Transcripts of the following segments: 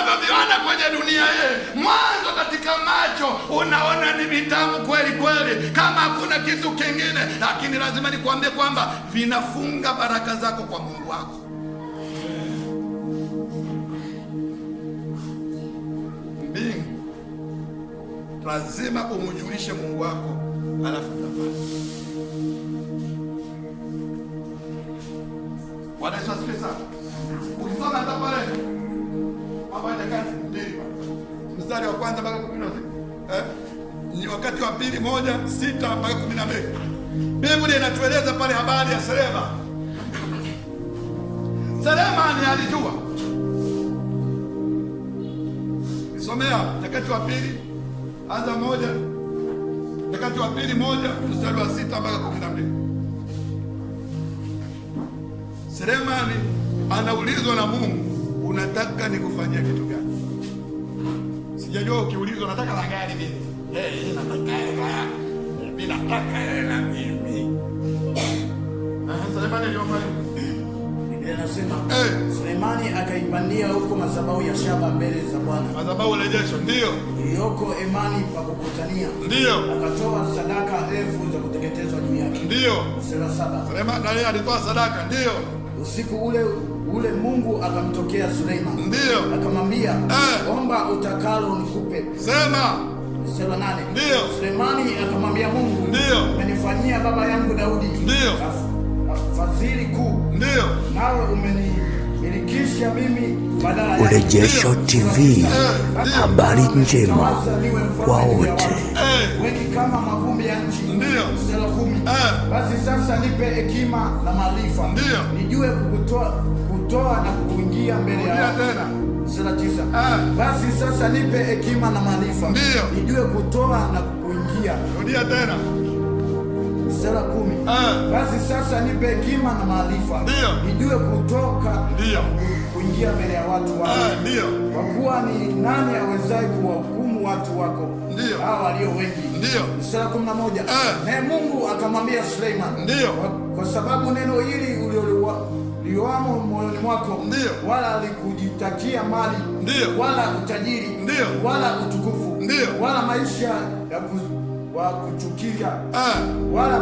unavyoviona kwenye dunia hii, mwanzo katika macho unaona ni vitamu kweli kweli, kama hakuna kitu kingine, lakini lazima nikuambie kwamba vinafunga baraka zako kwa Mungu wako. Mbingu lazima umjulishe Mungu wako, alafu utafanya Bwana Yesu asifiwe sana. Ukisoma hata pale mstari wa kwanza mpaka kumi na eh, ni wakati wa pili moja sita mpaka kumi na mbili Biblia inatueleza pale habari ya Selema. Selemani alijua, nisomea Nyakati wa pili anza moja Nyakati wa pili moja mstari wa sita mpaka kumi na mbili Selemani anaulizwa na Mungu unataka nikufanyia kitu gani? Sijajua ukiulizwa nataka la gari mimi. Eh, hey, nataka hela. Mimi nataka hela mimi. Ah, Sulemani aliyofanya Nasema hey, Sulemani akaipandia huko madhabahu ya shaba mbele za Bwana, madhabahu jesho, ndio Yoko imani pa kukutania, ndio akatoa sadaka elfu za kuteketezwa juu yake, ndio 37. Sulemani alitoa sadaka ndio Usiku ule ule Mungu akamtokea Suleiman, ndio akamwambia eh, omba utakalo nikupe. Sema sura nane. Ndio Sulemani akamwambia Mungu, ndio umenifanyia baba yangu Daudi ndio fadhili kuu, ndio nawe umeni Urejesho TV, eh, eh, habari eh, njema kwa wote. Wengi kama mavumbi ya nchi, kumi. Basi sasa nipe hekima na maarifa, nijue kutoa na kukuingia mbele ya tisa. Basi sasa nipe hekima na maarifa, nijue kutoa na Rudia tena sura kumi. Ah. Basi sasa nipe hekima na maarifa, nijue kutoka kuingia mbele ya watu wako, ah, kwa kuwa ni nani awezaye kuwahukumu watu wako hao walio wengi? Sura kumi na moja. Ah. Naye Mungu akamwambia Suleiman, kwa sababu neno hili liwamo moyoni mwako, wala alikujitakia mali wala utajiri wala utukufu wala maisha ya wa kuchukia uh, wala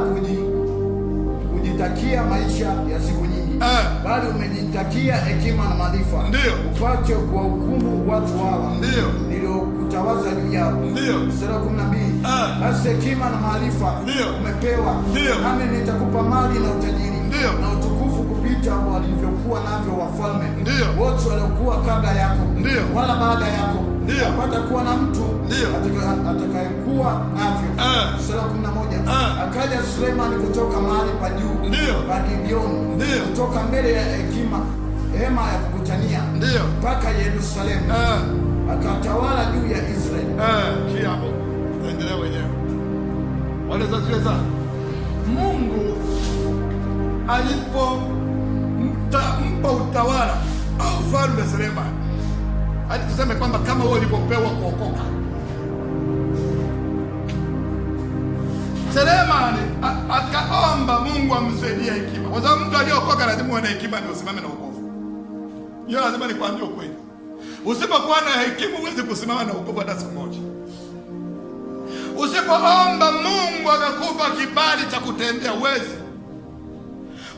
kujitakia maisha ya siku nyingi uh, bali umejitakia hekima na maarifa, ndio upate hukumu watu hawa niliokutawaza juu yao. Sura kumi na mbili ah. basi uh, hekima na maarifa umepewa nami nitakupa mali na utajiri ndio na utukufu kupita walivyokuwa navyo wafalme ndio wote waliokuwa kabla yako ndio wala baada yako ndio apata kuwa na mtu ndio atakayekuwa na sura kumi na moja ah. akaja Sulemani kutoka mahali pa juu pa Gibeoni kutoka mbele ya hekima hema ya kukutania mpaka Yerusalemu, ah. akatawala juu ya Israeli. Ah, Endelea wenyewe, wanazaziweza Mungu alipo alipompa utawala au falme Sulemani, hadi tuseme kwamba kama wewe ulipopewa kuokoka Selemani akaomba Mungu amsaidie hekima, kwa sababu mtu aliyeokoka lazima uwe na hekima ndio usimame na wokovu. Hiyo lazima nikwambie ukweli, usipokuwa na hekima huwezi kusimama na wokovu hata siku moja. Usipoomba Mungu akakupa kibali cha kutembea, uwezi.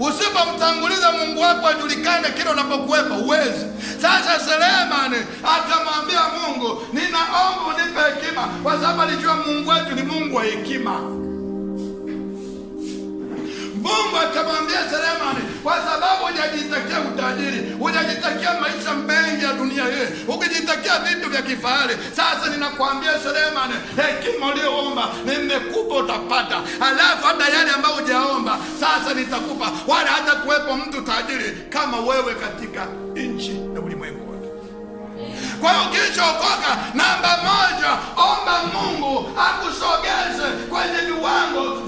Usipomtanguliza Mungu wako ajulikane kile unapokuwepo, uwezi. Sasa Selemani akamwambia Mungu, ninaomba unipe hekima, kwa sababu alijua Mungu wetu ni Mungu wa hekima akamwambia Selemani, kwa sababu hujajitakia utajiri, hujajitakia maisha mengi ya dunia hii, ukijitakia vitu vya kifahari. Sasa ninakwambia Selemani, hekima uliyoomba nimekupa, utapata. Alafu hata yale ambayo hujaomba sasa nitakupa, wala hata kuwepo mtu tajiri kama wewe katika nchi na ulimwengu wote. Kwa hiyo ukishaokoka, namba moja, omba Mungu akusogeze kwenye viwango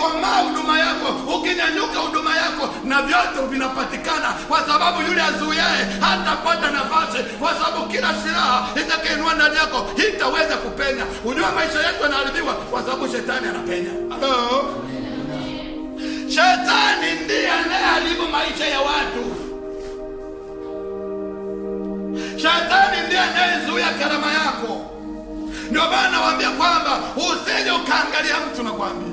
ukikomaa huduma yako, ukinyanyuka huduma yako, na vyote vinapatikana, kwa sababu yule azuiaye hatapata nafasi, kwa sababu kila silaha itakainua ndani yako hitaweza kupenya. hujua maisha yetu yanaharibiwa kwa sababu shetani anapenya. Shetani ndiye anayeharibu maisha ya watu. Shetani ndiye anayezuia karama yako. Ndio maana nawaambia kwamba usije ukaangalia mtu, nakwambia